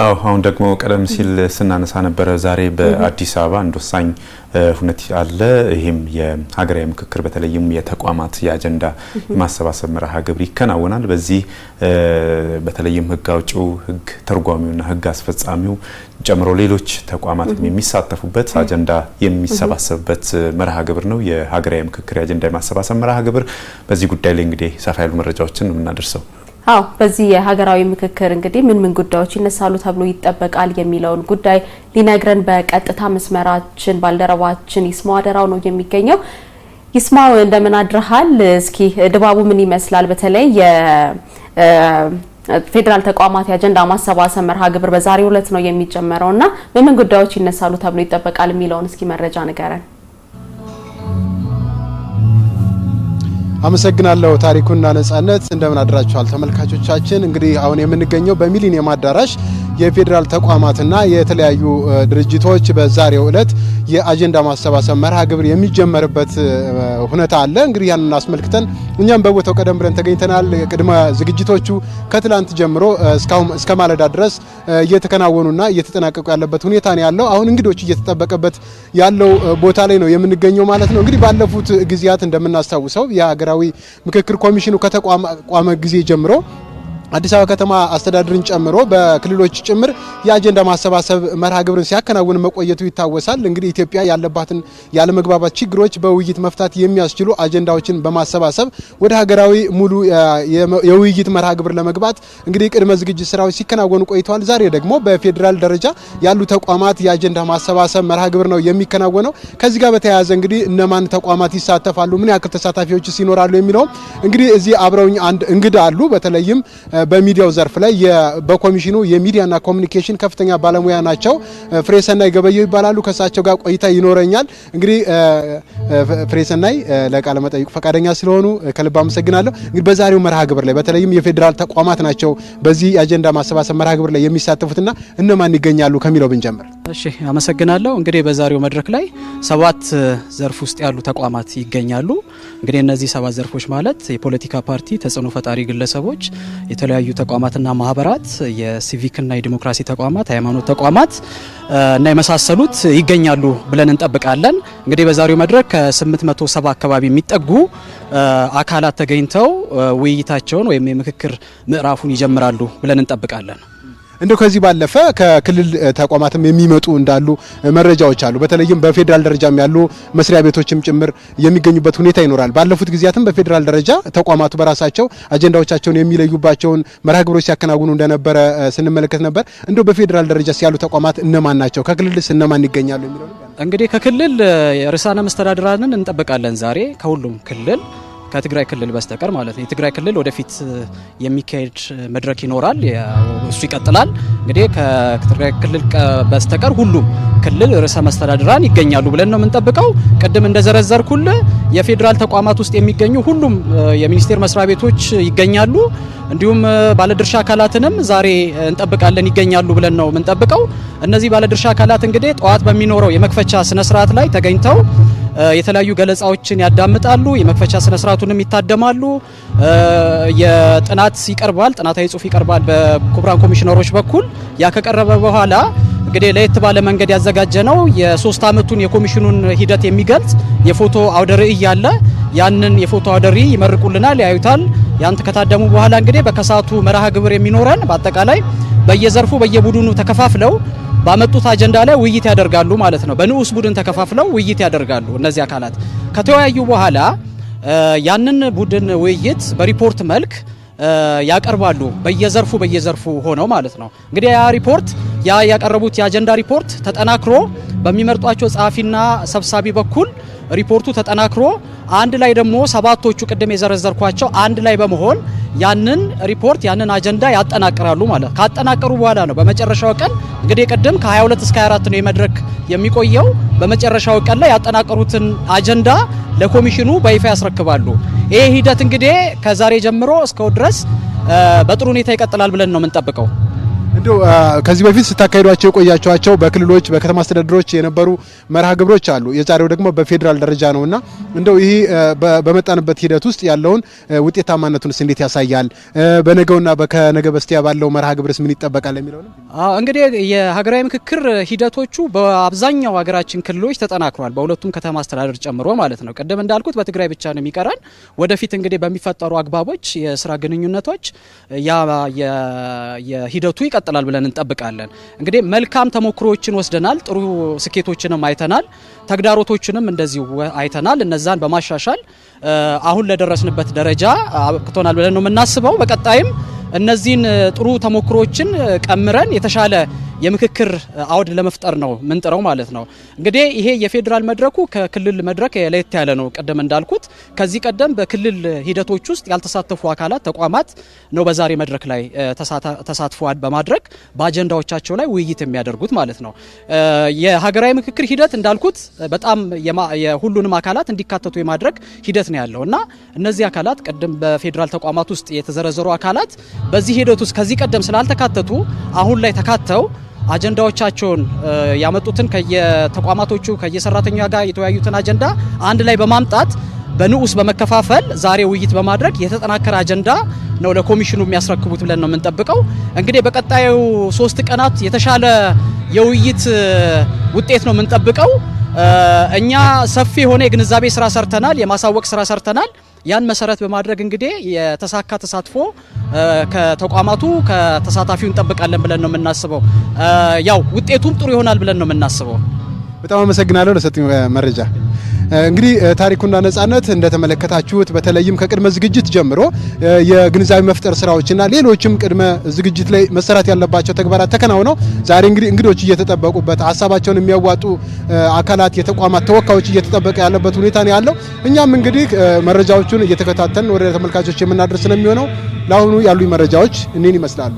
አዎ አሁን ደግሞ ቀደም ሲል ስናነሳ ነበረ። ዛሬ በአዲስ አበባ አንድ ወሳኝ ሁነት አለ። ይህም የሀገራዊ ምክክር በተለይም የተቋማት የአጀንዳ የማሰባሰብ መርሃ ግብር ይከናወናል። በዚህ በተለይም ህግ አውጪው፣ ህግ ተርጓሚውና ህግ አስፈጻሚው ጨምሮ ሌሎች ተቋማት የሚሳተፉበት አጀንዳ የሚሰባሰብበት መርሃ ግብር ነው፣ የሀገራዊ ምክክር የአጀንዳ የማሰባሰብ መርሃ ግብር። በዚህ ጉዳይ ላይ እንግዲህ ሰፋ ያሉ መረጃዎችን የምናደርሰው። አዎ በዚህ የሀገራዊ ምክክር እንግዲህ ምን ምን ጉዳዮች ይነሳሉ ተብሎ ይጠበቃል የሚለውን ጉዳይ ሊነግረን በቀጥታ መስመራችን ባልደረባችን ይስማው አደራው ነው የሚገኘው። ይስማው እንደምን አድረሃል? እስኪ ድባቡ ምን ይመስላል? በተለይ የፌዴራል ተቋማት የአጀንዳ ማሰባሰብ መርሃ ግብር በዛሬው ዕለት ነው የሚጀመረው እና ምን ምን ጉዳዮች ይነሳሉ ተብሎ ይጠበቃል የሚለውን እስኪ መረጃ ንገረን። አመሰግናለሁ ታሪኩና ነጻነት። እንደምን አድራችኋል ተመልካቾቻችን። እንግዲህ አሁን የምንገኘው በሚሊኒየም አዳራሽ የፌዴራል ተቋማትና የተለያዩ ድርጅቶች በዛሬው ዕለት የአጀንዳ ማሰባሰብ መርሃ ግብር የሚጀመርበት ሁኔታ አለ። እንግዲህ ያንን አስመልክተን እኛም በቦታው ቀደም ብለን ተገኝተናል። ቅድመ ዝግጅቶቹ ከትላንት ጀምሮ እስካሁን እስከ ማለዳ ድረስ እየተከናወኑና እየተጠናቀቁ ያለበት ሁኔታ ነው ያለው። አሁን እንግዶች እየተጠበቀበት ያለው ቦታ ላይ ነው የምንገኘው ማለት ነው። እንግዲህ ባለፉት ጊዜያት እንደምናስታውሰው የሀገራዊ ምክክር ኮሚሽኑ ከተቋቋመ ጊዜ ጀምሮ አዲስ አበባ ከተማ አስተዳደርን ጨምሮ በክልሎች ጭምር የአጀንዳ ማሰባሰብ መርሃ ግብርን ሲያከናውን መቆየቱ ይታወሳል። እንግዲህ ኢትዮጵያ ያለባትን ያለመግባባት ችግሮች በውይይት መፍታት የሚያስችሉ አጀንዳዎችን በማሰባሰብ ወደ ሀገራዊ ሙሉ የውይይት መርሃ ግብር ለመግባት እንግዲህ ቅድመ ዝግጅት ስራዎች ሲከናወኑ ቆይተዋል። ዛሬ ደግሞ በፌዴራል ደረጃ ያሉ ተቋማት የአጀንዳ ማሰባሰብ መርሃ ግብር ነው የሚከናወነው። ከዚህ ጋር በተያያዘ እንግዲህ እነማን ተቋማት ይሳተፋሉ፣ ምን ያክል ተሳታፊዎች ይኖራሉ የሚለው እንግዲህ እዚህ አብረውኝ አንድ እንግዳ አሉ። በተለይም በሚዲያው ዘርፍ ላይ በኮሚሽኑ የሚዲያና ኮሚኒኬሽን የማሽን ከፍተኛ ባለሙያ ናቸው። ፍሬሰናይ ገበየው ይባላሉ። ከእሳቸው ጋር ቆይታ ይኖረኛል። እንግዲህ ፍሬሰናይ ለቃለ መጠይቁ ፈቃደኛ ስለሆኑ ከልብ አመሰግናለሁ። እንግዲህ በዛሬው መርሃ ግብር ላይ በተለይም የፌዴራል ተቋማት ናቸው በዚህ የአጀንዳ ማሰባሰብ መርሃ ግብር ላይ የሚሳተፉትና እነማን ይገኛሉ ከሚለው ብንጀምር እሺ አመሰግናለሁ። እንግዲህ በዛሬው መድረክ ላይ ሰባት ዘርፍ ውስጥ ያሉ ተቋማት ይገኛሉ። እንግዲህ እነዚህ ሰባት ዘርፎች ማለት የፖለቲካ ፓርቲ፣ ተጽዕኖ ፈጣሪ ግለሰቦች፣ የተለያዩ ተቋማትና ማህበራት፣ የሲቪክና የዲሞክራሲ ተቋማት፣ ሃይማኖት ተቋማት እና የመሳሰሉት ይገኛሉ ብለን እንጠብቃለን። እንግዲህ በዛሬው መድረክ ከ870 አካባቢ የሚጠጉ አካላት ተገኝተው ውይይታቸውን ወይም የምክክር ምዕራፉን ይጀምራሉ ብለን እንጠብቃለን። እንደው ከዚህ ባለፈ ከክልል ተቋማትም የሚመጡ እንዳሉ መረጃዎች አሉ። በተለይም በፌዴራል ደረጃም ያሉ መስሪያ ቤቶችም ጭምር የሚገኙበት ሁኔታ ይኖራል። ባለፉት ጊዜያትም በፌዴራል ደረጃ ተቋማቱ በራሳቸው አጀንዳዎቻቸውን የሚለዩባቸውን መርሃ ግብሮች ሲያከናውኑ እንደነበረ ስንመለከት ነበር። እንደው በፌዴራል ደረጃ ያሉ ተቋማት እነማን ናቸው? ከክልልስ እነማን ይገኛሉ? የሚለው እንግዲህ ከክልል ርዕሳነ መስተዳድራንን እንጠብቃለን ዛሬ ከሁሉም ክልል ከትግራይ ክልል በስተቀር ማለት ነው። የትግራይ ክልል ወደፊት የሚካሄድ መድረክ ይኖራል፣ እሱ ይቀጥላል። እንግዲህ ከትግራይ ክልል በስተቀር ሁሉም ክልል ርዕሰ መስተዳድራን ይገኛሉ ብለን ነው የምንጠብቀው። ቅድም እንደዘረዘርኩል የፌዴራል ተቋማት ውስጥ የሚገኙ ሁሉም የሚኒስቴር መስሪያ ቤቶች ይገኛሉ። እንዲሁም ባለድርሻ አካላትንም ዛሬ እንጠብቃለን ይገኛሉ ብለን ነው የምንጠብቀው። እነዚህ ባለድርሻ አካላት እንግዲህ ጠዋት በሚኖረው የመክፈቻ ስነስርዓት ላይ ተገኝተው የተለያዩ ገለጻዎችን ያዳምጣሉ። የመክፈቻ ስነ ስርዓቱንም ይታደማሉ። የጥናት ይቀርባል፣ ጥናታዊ ጽሁፍ ይቀርባል በክቡራን ኮሚሽነሮች በኩል ያ ከቀረበ በኋላ እንግዲህ ለየት ባለ መንገድ ያዘጋጀ ነው የሶስት አመቱን የኮሚሽኑን ሂደት የሚገልጽ የፎቶ አውደ ርዕይ ያንን የፎቶ አውደ ርዕይ ይመርቁልናል፣ ያዩታል። ያንተ ከታደሙ በኋላ እንግዲህ በከሳቱ መርሃ ግብር የሚኖረን በአጠቃላይ በየዘርፉ በየቡድኑ ተከፋፍለው ባመጡት አጀንዳ ላይ ውይይት ያደርጋሉ ማለት ነው። በንዑስ ቡድን ተከፋፍለው ውይይት ያደርጋሉ። እነዚህ አካላት ከተወያዩ በኋላ ያንን ቡድን ውይይት በሪፖርት መልክ ያቀርባሉ። በየዘርፉ በየዘርፉ ሆነው ማለት ነው። እንግዲህ ያ ሪፖርት ያ ያቀረቡት የአጀንዳ ሪፖርት ተጠናክሮ በሚመርጧቸው ጸሐፊና ሰብሳቢ በኩል ሪፖርቱ ተጠናክሮ አንድ ላይ ደግሞ ሰባቶቹ ቅድም የዘረዘርኳቸው አንድ ላይ በመሆን ያንን ሪፖርት ያንን አጀንዳ ያጠናቅራሉ ማለት ካጠናቀሩ በኋላ ነው በመጨረሻው ቀን እንግዲህ ቅድም ከ22 እስከ 24 ነው የመድረክ የሚቆየው። በመጨረሻው ቀን ላይ ያጠናቀሩትን አጀንዳ ለኮሚሽኑ በይፋ ያስረክባሉ። ይሄ ሂደት እንግዲህ ከዛሬ ጀምሮ እስከው ድረስ በጥሩ ሁኔታ ይቀጥላል ብለን ነው የምንጠብቀው። እንዲሁ ከዚህ በፊት ስታካሂዷቸው የቆያቸዋቸው በክልሎች በከተማ አስተዳደሮች የነበሩ መርሃ ግብሮች አሉ። የዛሬው ደግሞ በፌዴራል ደረጃ ነውና እንደው ይህ በመጣንበት ሂደት ውስጥ ያለውን ውጤታማነቱንስ እንዴት ያሳያል? በነገውና በከነገ በስቲያ ባለው መርሃ ግብርስ ምን ይጠበቃል የሚለው ነው። እንግዲህ የሀገራዊ ምክክር ሂደቶቹ በአብዛኛው ሀገራችን ክልሎች ተጠናክሯል፣ በሁለቱም ከተማ አስተዳደር ጨምሮ ማለት ነው። ቅድም እንዳልኩት በትግራይ ብቻ ነው የሚቀራን። ወደፊት እንግዲህ በሚፈጠሩ አግባቦች የስራ ግንኙነቶች ያ የሂደቱ ይቀጥላል ብለን እንጠብቃለን። እንግዲህ መልካም ተሞክሮዎችን ወስደናል፣ ጥሩ ስኬቶችንም አይተናል፣ ተግዳሮቶችንም እንደዚሁ አይተናል። እነዛን በማሻሻል አሁን ለደረስንበት ደረጃ አብቅቶናል ብለን ነው የምናስበው። በቀጣይም እነዚህን ጥሩ ተሞክሮዎችን ቀምረን የተሻለ የምክክር አውድ ለመፍጠር ነው ምንጥረው ማለት ነው። እንግዲህ ይሄ የፌዴራል መድረኩ ከክልል መድረክ ለየት ያለ ነው። ቀደም እንዳልኩት ከዚህ ቀደም በክልል ሂደቶች ውስጥ ያልተሳተፉ አካላት፣ ተቋማት ነው በዛሬ መድረክ ላይ ተሳትፎ በማድረግ በአጀንዳዎቻቸው ላይ ውይይት የሚያደርጉት ማለት ነው። የሀገራዊ ምክክር ሂደት እንዳልኩት በጣም የሁሉንም አካላት እንዲካተቱ የማድረግ ሂደት ነው ያለው እና እነዚህ አካላት ቀደም በፌዴራል ተቋማት ውስጥ የተዘረዘሩ አካላት በዚህ ሂደት ውስጥ ከዚህ ቀደም ስላልተካተቱ አሁን ላይ ተካተው አጀንዳዎቻቸውን ያመጡትን ከየተቋማቶቹ ከየሰራተኛ ጋር የተወያዩትን አጀንዳ አንድ ላይ በማምጣት በንዑስ በመከፋፈል ዛሬ ውይይት በማድረግ የተጠናከረ አጀንዳ ነው ለኮሚሽኑ የሚያስረክቡት ብለን ነው የምንጠብቀው። እንግዲህ በቀጣዩ ሶስት ቀናት የተሻለ የውይይት ውጤት ነው የምንጠብቀው። እኛ ሰፊ የሆነ የግንዛቤ ስራ ሰርተናል፣ የማሳወቅ ስራ ሰርተናል። ያን መሰረት በማድረግ እንግዲህ የተሳካ ተሳትፎ ከተቋማቱ ከተሳታፊው እንጠብቃለን ብለን ነው የምናስበው። ያው ውጤቱም ጥሩ ይሆናል ብለን ነው የምናስበው። በጣም አመሰግናለሁ ለሰጡኝ መረጃ። እንግዲህ ታሪኩና ነጻነት እንደተመለከታችሁት በተለይም ከቅድመ ዝግጅት ጀምሮ የግንዛቤ መፍጠር ስራዎችና ሌሎችም ቅድመ ዝግጅት ላይ መሰራት ያለባቸው ተግባራት ተከናውነው ዛሬ እንግዲህ እንግዶች እየተጠበቁበት ሀሳባቸውን የሚያዋጡ አካላት፣ የተቋማት ተወካዮች እየተጠበቀ ያለበት ሁኔታ ነው ያለው። እኛም እንግዲህ መረጃዎቹን እየተከታተልን ወደ ተመልካቾች የምናደርስ ነው የሚሆነው። ለአሁኑ ያሉ መረጃዎች እኔን ይመስላሉ።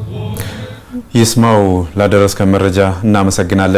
ይስማው ላደረስከ መረጃ እናመሰግናለን።